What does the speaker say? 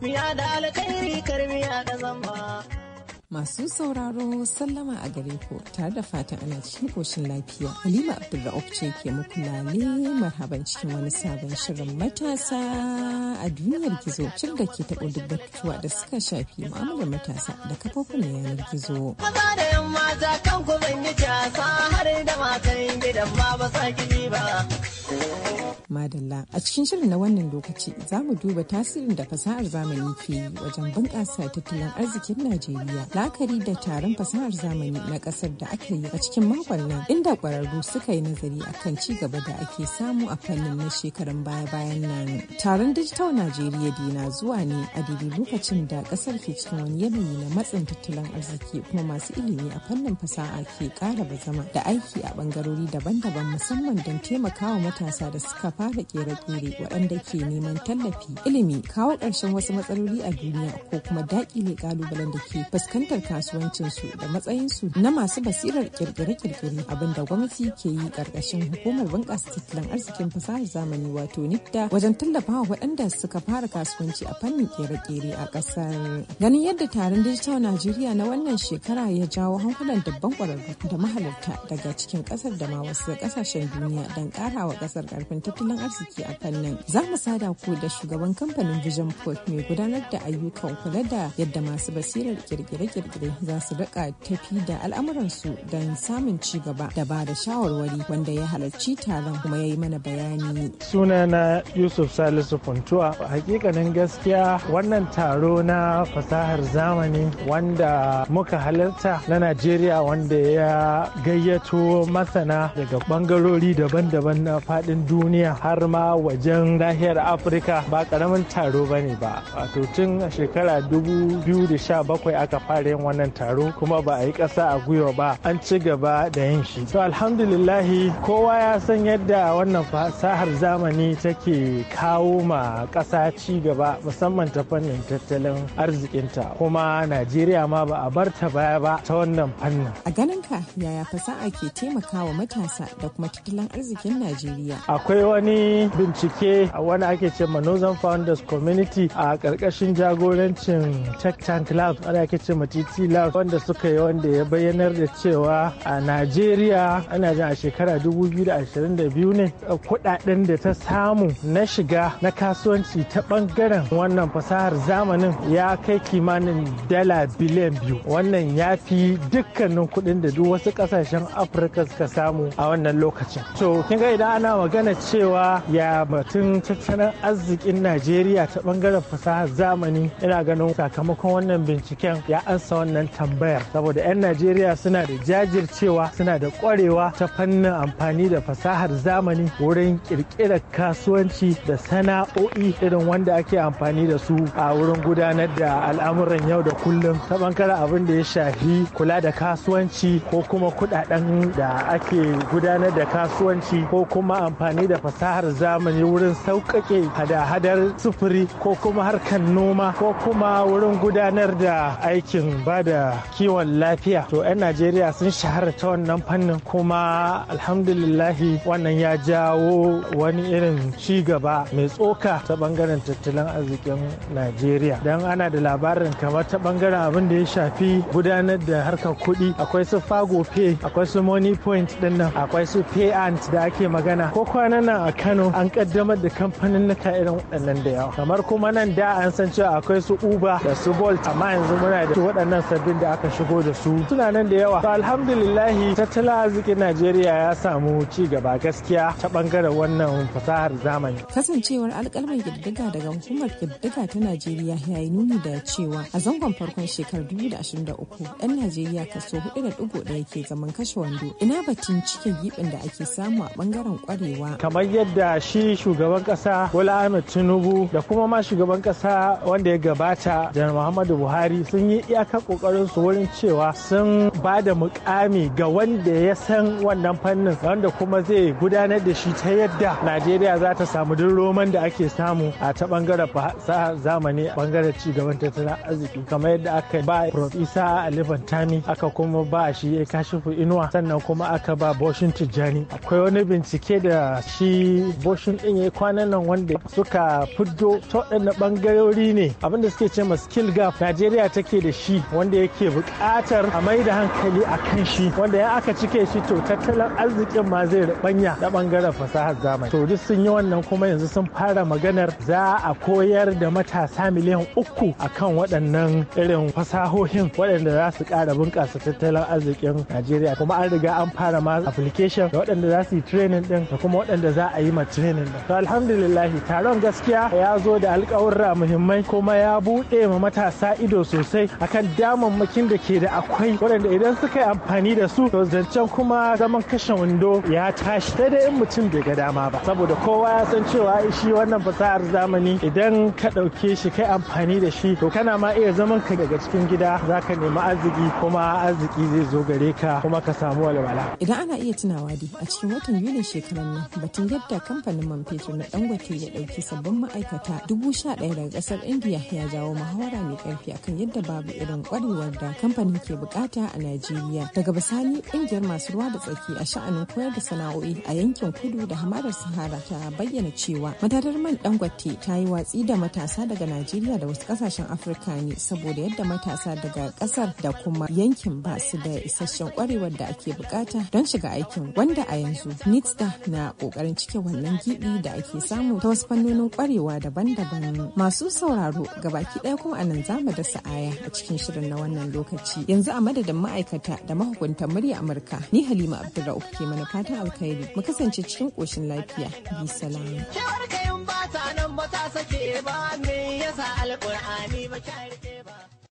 miya da alkhairi da Masu sauraro sallama a gare ku tare da fatan ana cikin koshin lafiya. Halima Abdulra'uf ce ke muku lale marhaban cikin wani sabon shirin matasa a duniyar gizo cin da ke taɓo duk batutuwa da suka shafi mu'amalar matasa da kafofin yanar gizo. Maza da kan ku har da matan gidan ma Madalla. A cikin shirin na wannan lokaci za mu duba tasirin da fasahar zamani ke yi wajen bunƙasa tattalin arzikin Najeriya. Lakari da taron fasahar zamani na ƙasar da aka yi a cikin makon nan inda ƙwararru suka yi nazari akan ci gaba da ake samu a fannin na shekarun baya-bayan nan. Taron Digital Najeriya dai na zuwa ne a daidai lokacin da ƙasar ke cikin wani yanayi na matsin tattalin arziki kuma masu ilimi a fannin fasaha ke ƙara bazama da aiki a ɓangarori daban-daban musamman don taimakawa matasa da suka fara da kere-kere waɗanda ke neman tallafi ilimi kawo ƙarshen wasu matsaloli a duniya ko kuma daƙile ƙalubalen da ke fuskantar kasuwancinsu da matsayinsu na masu basirar kirkire-kirkire abinda gwamnati ke yi ƙarƙashin hukumar bunƙasa tattalin arzikin fasahar zamani wato nitta wajen tallafawa waɗanda suka fara kasuwanci a fannin kere-kere a ƙasar ganin yadda taron dijital najeriya na wannan shekara ya jawo hankulan dabban ƙwararru da mahalarta daga cikin ƙasar da ma wasu ƙasashen duniya don ƙara wa ƙasar ƙarfin tattalin tattalin arziki a fannin. Za mu sada ko da shugaban kamfanin Vision Port mai gudanar da ayyukan kula da yadda masu basirar kirkire-kirkire za su rika tafi da al'amuransu don samun ci gaba da ba da shawarwari wanda ya halarci taron kuma ya yi mana bayani. Sunana Yusuf Salisu Funtuwa. Hakikanin gaskiya wannan taro na fasahar zamani wanda muka halarta na Najeriya wanda ya gayyato masana daga bangarori daban-daban na faɗin duniya har ma wajen nahiyar afirka ba karamin taro ba ne ba wato tun a shekara 2017 aka fara yin wannan taro kuma ba a yi ƙasa a gwiwa ba an ci gaba da yin shi to alhamdulillahi kowa ya san yadda wannan fasahar zamani take kawo ma ƙasa ci gaba musamman ta fannin tattalin arzikinta kuma najeriya ma ba a bar ta baya ba ta wannan fannin a ganin ka yaya fasaha ke taimakawa matasa da kuma tattalin arzikin najeriya akwai wani wani bincike a wani ake ce ma Northern Founders Community a ƙarƙashin jagorancin Tech Tank lab ana ake ce ma TT lab wanda suka yi wanda ya bayyanar da cewa a Najeriya ana jin a shekara 2022 ne kuɗaɗen da ta samu na shiga na kasuwanci ta ɓangaren wannan fasahar zamanin ya kai kimanin dala biliyan biyu wannan ya fi dukkanin kuɗin da duk wasu ƙasashen Afirka suka samu a wannan lokacin. To kin ga idan ana magana cewa cewa ya batun tattalin arzikin najeriya ta bangaren fasahar zamani ina ganin sakamakon wannan binciken ya ansa wannan tambayar saboda 'yan najeriya suna da jajircewa suna da kwarewa ta fannin amfani da fasahar zamani wurin kirkirar kasuwanci da sana'o'i irin wanda ake amfani da su a wurin gudanar da al'amuran yau da kullum ta bangaren abin da ya shafi kula da kasuwanci ko kuma kudaden da ake gudanar da kasuwanci ko kuma amfani da fasahar fasahar zamani wurin sauƙaƙe hada-hadar sufuri ko kuma harkar noma ko kuma wurin gudanar da aikin ba da kiwon lafiya to 'yan najeriya sun shahara ta wannan fannin kuma alhamdulillahi wannan ya jawo wani irin ci gaba mai tsoka ta bangaren tattalin arzikin najeriya don ana da labarin kamar ta bangaren abin da ya shafi gudanar da harkar kuɗi akwai su fago pay akwai su money point din akwai su pay ant da ake magana ko kwanan nan a kano an kaddamar da kamfanin nuka irin waɗannan da yawa kamar kuma nan da an san cewa akwai su uber da su bolt amma yanzu muna da waɗannan sabbin da aka shigo da su suna nan da yawa to alhamdulillahi tattalin arzikin najeriya ya samu ci gaba gaskiya ta bangaren wannan fasahar zamani kasancewar alƙalman girgiga daga hukumar girgiga ta najeriya ya yi nuni da cewa a zangon farkon shekarar 2023 'yan najeriya kaso 4.1 ke zaman kashe wando ina batun cikin giɓin da ake samu a bangaren kwarewa kamar yadda yadda shi shugaban kasa Bola Ahmed Tinubu da kuma ma shugaban kasa wanda ya gabata da Muhammadu Buhari sun yi iyakar kokarin su wurin cewa sun ba da mukami ga wanda ya san wannan fannin wanda kuma zai gudanar da shi ta yadda Najeriya za ta samu duk roman da ake samu a ta bangaren fasa zamani bangaren ci gaban tattalin arziki kamar yadda aka ba profesa Alifan Ali aka kuma ba shi ya kashifu inuwa sannan kuma aka ba Boshin Tijjani akwai wani bincike da shi boshin din ya kwanan nan wanda suka fiddo ta waɗannan bangarori ne abinda suke ce ma skill gap Najeriya take da shi wanda yake buƙatar a mai da hankali a kan shi wanda ya aka cike shi to tattalin arzikin ma zai rubanya da bangaren fasahar zamani to duk sun yi wannan kuma yanzu sun fara maganar za a koyar da matasa miliyan uku akan waɗannan irin fasahohin waɗanda za su ƙara bunƙasa tattalin arzikin Najeriya kuma an riga an fara ma application da waɗanda za su yi training din da kuma waɗanda za a a yi training da. to alhamdulillah taron gaskiya ya zo da alƙawurra muhimmai kuma ya buɗe ma matasa ido sosai akan damammakin da ke da akwai waɗanda idan suka yi amfani da su to zancen kuma zaman kashe wando ya tashi sai dai in mutum bai ga dama ba saboda kowa ya san cewa shi wannan fasahar zamani idan ka ɗauke shi kai amfani da shi to kana ma iya zaman ka daga cikin gida zaka nemi arziki kuma arziki zai zo gare ka kuma ka samu walwala idan ana iya tunawa dai a cikin watan yulin shekarar nan batun yadda da kamfanin man fetur na dangote ya dauki sabbin ma'aikata dubu sha ɗaya daga kasar india ya jawo muhawara mai karfi akan yadda babu irin kwarewar da kamfanin ke bukata a najeriya daga bisani kungiyar masu ruwa da tsaki a sha'anin koyar da sana'o'i a yankin kudu da hamadar sahara ta bayyana cewa matatar man dangote ta yi watsi da matasa daga najeriya da wasu kasashen afirka ne saboda yadda matasa daga kasar da kuma yankin ba su da isasshen kwarewar da ake bukata don shiga aikin wanda a yanzu nitsa na kokarin cikin yanke wannan gidi da ake samu ta wasu fannonin kwarewa daban-daban masu sauraro ga baki ɗaya kuma anan mu da sa'aya a cikin shirin na wannan lokaci yanzu a madadin ma'aikata da mahukuntan murya amurka ni halima abdulrauf ke mana fatan alkhairi mu kasance cikin koshin lafiya bi salama. nan ba ta yasa alƙur'ani